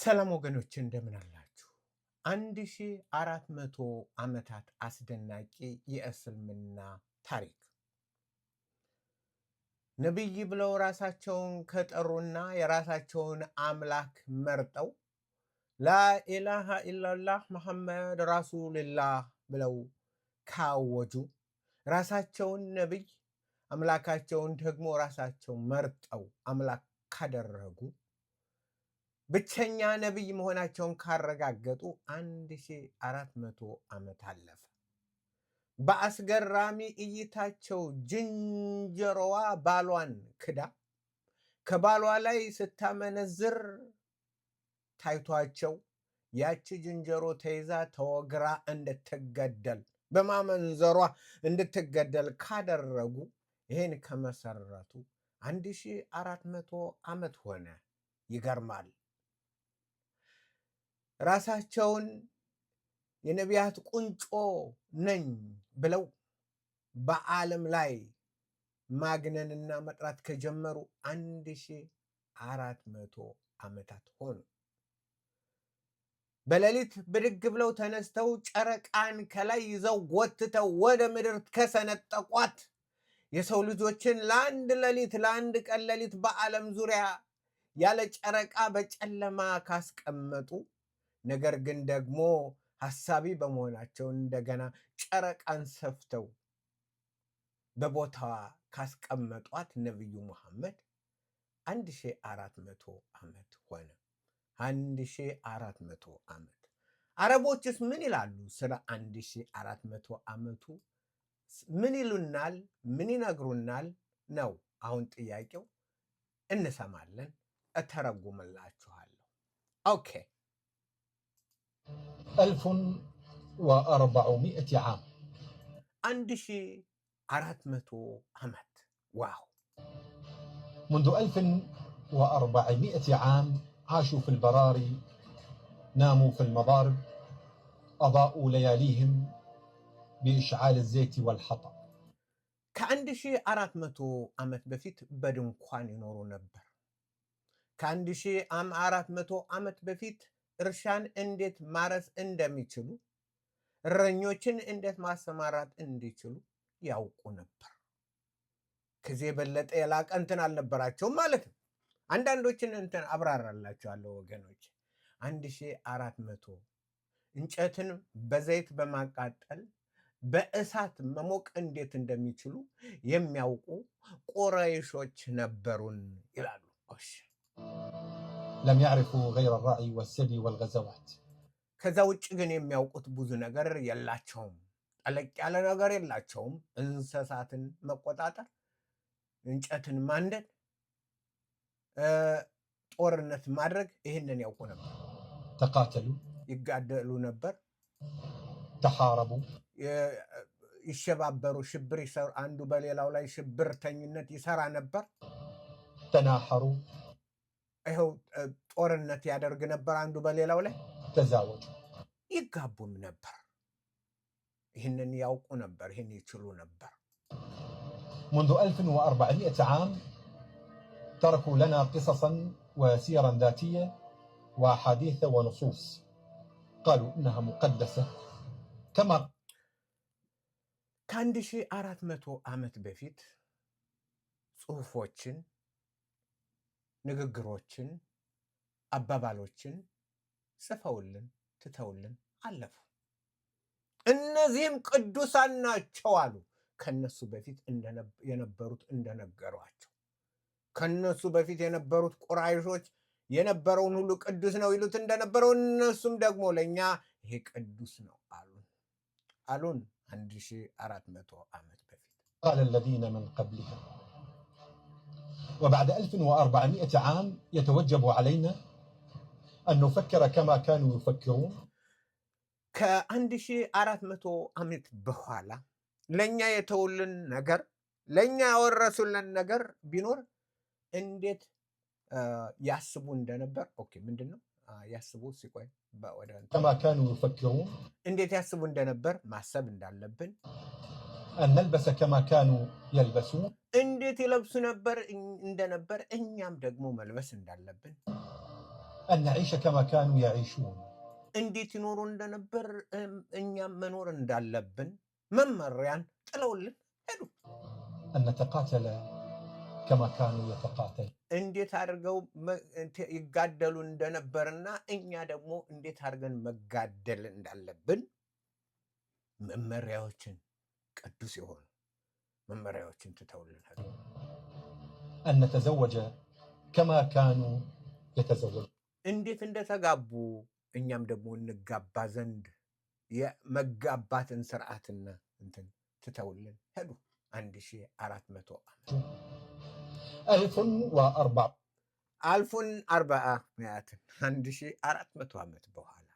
ሰላም ወገኖች እንደምን አላችሁ? አንድ ሺ አራት መቶ ዓመታት አስደናቂ የእስልምና ታሪክ ነቢይ ብለው ራሳቸውን ከጠሩና የራሳቸውን አምላክ መርጠው ላኢላሃ ኢላላህ መሐመድ ራሱልላህ ብለው ካወጁ ራሳቸውን ነቢይ አምላካቸውን ደግሞ ራሳቸው መርጠው አምላክ ካደረጉ ብቸኛ ነቢይ መሆናቸውን ካረጋገጡ 1400 ዓመት አለፈ። በአስገራሚ እይታቸው ዝንጀሮዋ ባሏን ክዳ ከባሏ ላይ ስታመነዝር ታይቷቸው ያቺ ዝንጀሮ ተይዛ ተወግራ እንድትገደል በማመንዘሯ እንድትገደል ካደረጉ ይህን ከመሰረቱ 1400 ዓመት ሆነ። ይገርማል። ራሳቸውን የነቢያት ቁንጮ ነኝ ብለው በዓለም ላይ ማግነንና መጥራት ከጀመሩ አንድ ሺ አራት መቶ ዓመታት ሆኑ። በሌሊት ብድግ ብለው ተነስተው ጨረቃን ከላይ ይዘው ጎትተው ወደ ምድር ከሰነጠቋት የሰው ልጆችን ለአንድ ሌሊት ለአንድ ቀን ሌሊት በዓለም ዙሪያ ያለ ጨረቃ በጨለማ ካስቀመጡ ነገር ግን ደግሞ ሀሳቢ በመሆናቸው እንደገና ጨረቃን ሰፍተው በቦታዋ ካስቀመጧት ነቢዩ መሐመድ አንድ ሺ አራት መቶ ዓመት ሆነ። አንድ ሺ አራት መቶ ዓመት አረቦችስ ምን ይላሉ? ስለ አንድ ሺ አራት መቶ ዓመቱ ምን ይሉናል? ምን ይነግሩናል ነው አሁን ጥያቄው። እንሰማለን፣ እተረጉምላችኋለሁ። ኦኬ ألف وأربعمائة عام 1400 عام واو منذ ألف وأربعمائة عام عاشوا في البراري ناموا في المضارب أضاءوا لياليهم بإشعال الزيت والحطب ከአንድ ሺ አራት መቶ ዓመት በፊት በድንኳን ይኖሩ ነበር። ከአንድ ሺ አራት መቶ እርሻን እንዴት ማረስ እንደሚችሉ፣ እረኞችን እንዴት ማሰማራት እንዲችሉ ያውቁ ነበር። ከዚህ የበለጠ የላቀ እንትን አልነበራቸውም ማለት ነው። አንዳንዶችን እንትን አብራራላቸዋለሁ ወገኖች። አንድ ሺህ አራት መቶ እንጨትን በዘይት በማቃጠል በእሳት መሞቅ እንዴት እንደሚችሉ የሚያውቁ ቁረይሾች ነበሩን ይላሉ። ለም ያዕሪፉ ገይረ ራእይ ወሰዲ ወልገዘዋት። ከዛ ውጭ ግን የሚያውቁት ብዙ ነገር የላቸውም። ጠለቅ ያለ ነገር የላቸውም። እንስሳትን መቆጣጠር፣ እንጨትን ማንደድ፣ ጦርነት ማድረግ ይህንን ያውቁ ነበር። ተቃተሉ ይጋደሉ ነበር። ተሓረቡ ይሸባበሩ፣ ሽብር አንዱ በሌላው ላይ ሽብርተኝነት ይሰራ ነበር። ተናሐሩ ይኸው ጦርነት ያደርግ ነበር አንዱ በሌላው ላይ ተዛወጡ፣ ይጋቡም ነበር። ይህንን ያውቁ ነበር፣ ይህን ይችሉ ነበር። منذ 1400 عام تركوا لنا قصصا وسيرا ذاتية وأحاديث ونصوص قالوا إنها مقدسة كما ከአንድ ሺህ አራት መቶ ዓመት በፊት ጽሑፎችን ንግግሮችን፣ አባባሎችን ጽፈውልን ትተውልን አለፉ። እነዚህም ቅዱሳን ናቸው አሉ ከነሱ በፊት የነበሩት እንደነገሯቸው። ከነሱ በፊት የነበሩት ቁራይሾች የነበረውን ሁሉ ቅዱስ ነው ይሉት እንደነበረው እነሱም ደግሞ ለእኛ ይሄ ቅዱስ ነው አሉን አሉን 1400 ዓመት በፊት وبعد 1400 عام يتوجب علينا أن نفكر كما كانوا يفكرون ከአንድ ሺህ አራት መቶ ዓመት በኋላ ለእኛ የተውልን ነገር ለእኛ ያወረሱልን ነገር ቢኖር እንዴት ያስቡ እንደነበር ኦኬ ምንድን ነው ያስቡ ሲቆይ እንዴት ያስቡ እንደነበር ማሰብ እንዳለብን እነልበሰ ከማ ካኑ የልበሱ እንዴት ይለብሱ ነበር እንደነበር እኛም ደግሞ መልበስ እንዳለብን አነዒሸ ከማ ካኑ ያዒሹን እንዴት ይኖሩ እንደነበር እኛም መኖር እንዳለብን መመሪያን ጥለውልን ሄዱ። እነተቃተለ ከማ ካኑ የተቃተል እንዴት አድርገው ይጋደሉ እንደነበርና እኛ ደግሞ እንዴት አድርገን መጋደል እንዳለብን መመሪያዎችን ቅዱስ የሆኑ መመሪያዎችን ትተውልናል። አን ከማ ካኑ የተዘወጀ እንዴት እንደተጋቡ እኛም ደግሞ እንጋባ ዘንድ የመጋባትን ስርዓትና እንትን ትተውልን ሄዱ። 1400 አልፉን ወአርባ አልፉን አርባአ ሚያትን 1400 ዓመት በኋላ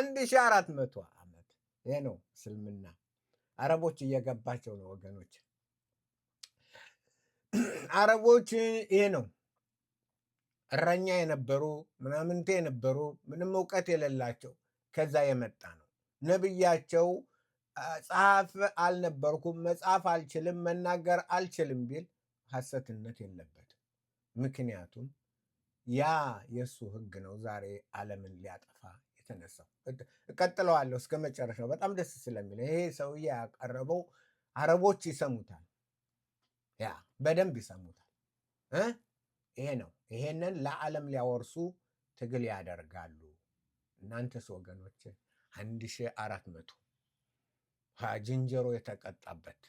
1400 ዓመት ይህ ነው እስልምና። አረቦች እየገባቸው ነው ወገኖች። አረቦች ይሄ ነው እረኛ የነበሩ ምናምንቴ የነበሩ ምንም እውቀት የሌላቸው ከዛ የመጣ ነው። ነብያቸው ጸሐፍ አልነበርኩም መጻፍ አልችልም መናገር አልችልም ቢል ሐሰትነት የለበትም። ምክንያቱም ያ የእሱ ህግ ነው ዛሬ ዓለምን ሊያጠፋ የተነሳው። እቀጥለዋለሁ እስከ መጨረሻው በጣም ደስ ስለሚለ ይሄ ሰውዬ ያቀረበው አረቦች ይሰሙታል ያ በደንብ ይሰሙታል። ይሄ ነው። ይሄንን ለዓለም ሊያወርሱ ትግል ያደርጋሉ። እናንተስ ወገኖች አንድ ሺ አራት መቶ ጅንጀሮ የተቀጣበት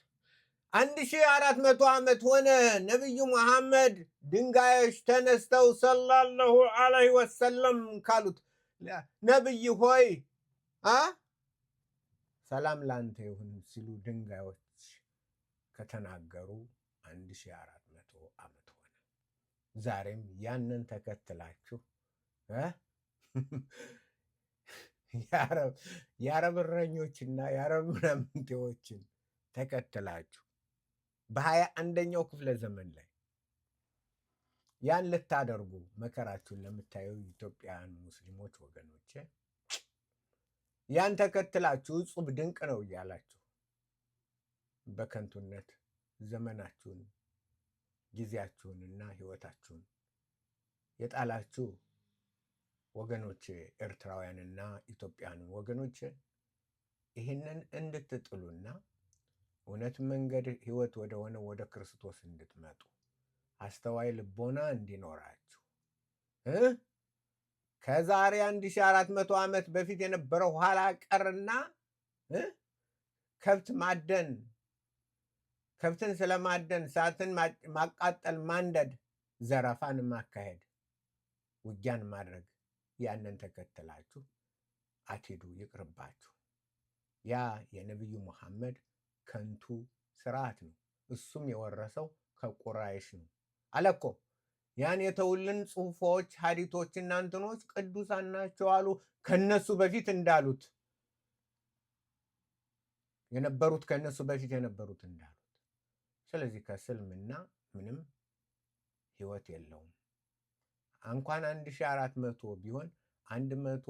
አንድ ሺ አራት መቶ ዓመት ሆነ። ነቢዩ መሐመድ ድንጋዮች ተነስተው ሰላለሁ አለይሂ ወሰለም ካሉት ነቢይ ሆይ ሰላም ላንተ ይሁን ሲሉ ድንጋዮች ከተናገሩ አንድ ሺህ አራት መቶ ዓመት ሆነ። ዛሬም ያንን ተከትላችሁ የአረብ እረኞችና የአረብ ምናምንቴዎችን ተከትላችሁ በሀያ አንደኛው ክፍለ ዘመን ላይ ያን ልታደርጉ መከራችሁን ለምታዩ ኢትዮጵያውያን ሙስሊሞች ወገኖቼ ያን ተከትላችሁ እጹብ ድንቅ ነው እያላችሁ በከንቱነት ዘመናችሁን ጊዜያችሁንና ህይወታችሁን የጣላችሁ ወገኖቼ፣ ኤርትራውያንና ኢትዮጵያን ወገኖቼ ይህንን እንድትጥሉና እውነት መንገድ ወደ ወደሆነ ወደ ክርስቶስ እንድትመጡ አስተዋይ ልቦና እንዲኖራችሁ ሺ አራት መቶ ዓመት በፊት የነበረው ኋላ ቀርና ከብት ማደን ከብትን ስለማደን ሳትን ማቃጠል፣ ማንደድ፣ ዘረፋን ማካሄድ፣ ውጊያን ማድረግ ያንን ተከትላችሁ አትሄዱ፣ ይቅርባችሁ። ያ የነቢዩ መሐመድ ከንቱ ስርዓት ነው። እሱም የወረሰው ከቁራይሽ ነው አለኮ። ያን የተውልን ጽሑፎች ሀዲቶችና እንትኖች ቅዱሳን ናቸው አሉ። ከነሱ በፊት እንዳሉት የነበሩት ከነሱ በፊት የነበሩት እንዳሉ ስለዚህ ከእስልምና ምንም ህይወት የለውም። እንኳን አንድ ሺ አራት መቶ ቢሆን አንድ መቶ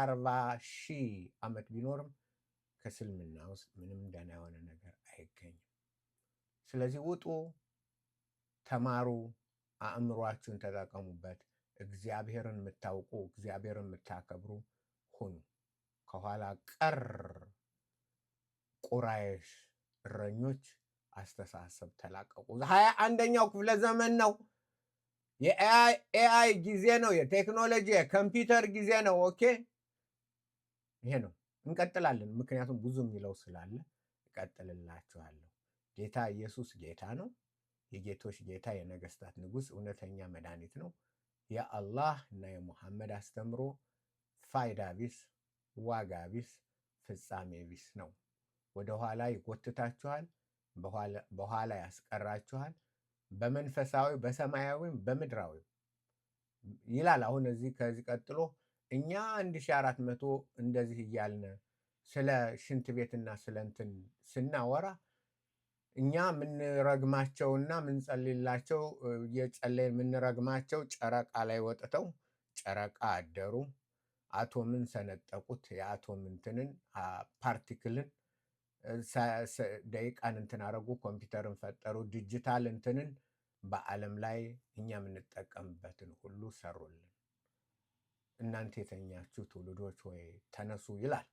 አርባ ሺህ ዓመት ቢኖርም ከእስልምና ውስጥ ምንም ደህና የሆነ ነገር አይገኝም። ስለዚህ ውጡ፣ ተማሩ፣ አእምሯችሁን ተጠቀሙበት። እግዚአብሔርን የምታውቁ እግዚአብሔርን የምታከብሩ ሁኑ። ከኋላ ቀር ቁራይሽ እረኞች አስተሳሰብ ተላቀቁ። ሀያ አንደኛው ክፍለ ዘመን ነው። የኤአይ ጊዜ ነው። የቴክኖሎጂ የኮምፒውተር ጊዜ ነው። ኦኬ ይሄ ነው። እንቀጥላለን፣ ምክንያቱም ብዙ የሚለው ስላለ እቀጥልላችኋለሁ። ጌታ ኢየሱስ ጌታ ነው፣ የጌቶች ጌታ፣ የነገስታት ንጉስ እውነተኛ መድኃኒት ነው። የአላህ እና የሙሐመድ አስተምሮ ፋይዳ ቢስ፣ ዋጋ ቢስ፣ ፍጻሜ ቢስ ነው። ወደኋላ ይጎትታችኋል። በኋላ ያስቀራችኋል፣ በመንፈሳዊ በሰማያዊም በምድራዊም ይላል። አሁን እዚህ ከዚህ ቀጥሎ እኛ 1400 እንደዚህ እያልን ስለ ሽንት ቤትና ስለ እንትን ስናወራ እኛ ምንረግማቸውና ምንጸልላቸው እየጸለይ የምንረግማቸው ጨረቃ ላይ ወጥተው ጨረቃ አደሩ፣ አቶምን ሰነጠቁት፣ የአቶም እንትንን ፓርቲክልን ደቂቃን እንትን አረጉ፣ ኮምፒውተርን ፈጠሩ፣ ዲጂታል እንትንን በዓለም ላይ እኛ የምንጠቀምበትን ሁሉ ሰሩልን። እናንተ የተኛችሁ ትውልዶች ወይ ተነሱ ይላል።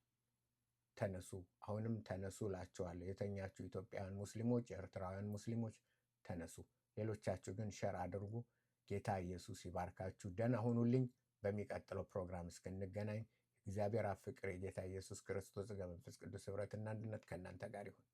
ተነሱ፣ አሁንም ተነሱ እላችኋለሁ። የተኛችሁ ኢትዮጵያውያን ሙስሊሞች፣ ኤርትራውያን ሙስሊሞች ተነሱ። ሌሎቻችሁ ግን ሸር አድርጉ። ጌታ ኢየሱስ ይባርካችሁ። ደህና ሁኑልኝ። በሚቀጥለው ፕሮግራም እስክንገናኝ እግዚአብሔር አብ ፍቅር የጌታ ኢየሱስ ክርስቶስ ጸጋ መንፈስ ቅዱስ ኅብረትና አንድነት ከእናንተ ጋር ይሁን።